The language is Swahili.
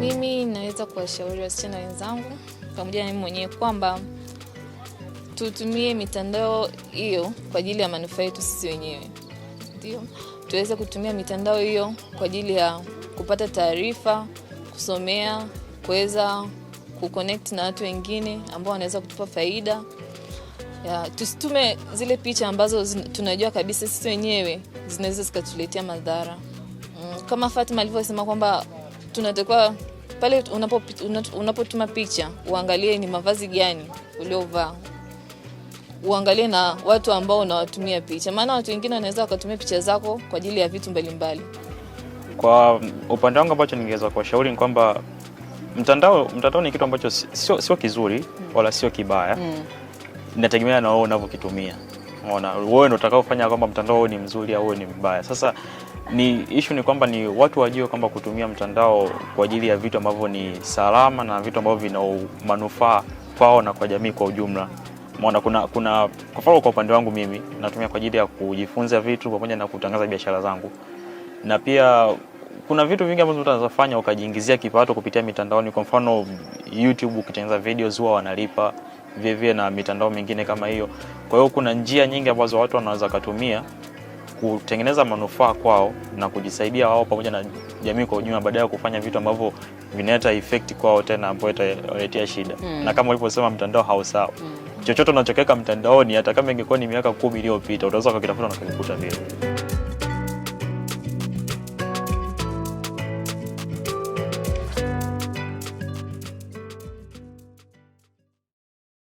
Mimi naweza kuwashauri wasichana wenzangu pamoja na mimi mwenyewe kwamba tutumie mitandao hiyo kwa ajili ya manufaa yetu sisi wenyewe, ndio tuweze kutumia mitandao hiyo kwa ajili ya kupata taarifa, kusomea, kuweza kuconnect na watu wengine ambao wanaweza kutupa faida. Tusitume zile picha ambazo tunajua kabisa sisi wenyewe zinaweza zikatuletea madhara, mm, kama Fatma alivyosema kwamba tunatakiwa pale unapotuma unapo picha uangalie ni mavazi gani uliovaa, uangalie na watu ambao unawatumia picha, maana watu wengine wanaweza wakatumia picha zako kwa ajili ya vitu mbalimbali mbali. Kwa upande wangu ambacho ningeweza kuwashauri ni kwamba mtandao mtandao ni kitu ambacho sio, sio kizuri mm. wala sio kibaya mm. inategemea na wewe unavyokitumia. Unaona, wewe ndio utakaofanya kwamba mtandao ni mzuri au ni mbaya. Sasa ni ishu ni kwamba ni watu wajue kwamba kutumia mtandao kwa ajili ya vitu ambavyo ni salama na vitu ambavyo vina manufaa kwao na kwa jamii kwa ujumla. Maana kuna kuna kwa mfano, kwa upande wangu mimi natumia kwa ajili ya kujifunza vitu pamoja na kutangaza biashara zangu, na pia kuna vitu vingi ambavyo unaweza fanya ukajiingizia kipato kupitia mitandaoni. Kwa mfano, YouTube ukitengeneza videos huwa wanalipa vile vile, na mitandao mingine kama hiyo. Kwa hiyo kuna njia nyingi ambazo watu wanaweza kutumia kutengeneza manufaa kwao na kujisaidia wao pamoja na jamii kwa ujumla, badala ya kufanya vitu ambavyo vinaleta effect kwao tena ambayo italetea shida mm. na kama ulivyosema mtandao hausawa mm. chochote unachokeka mtandaoni, hata kama ingekuwa ni miaka kumi iliyopita, utaweza ukakitafuta na kukikuta vile.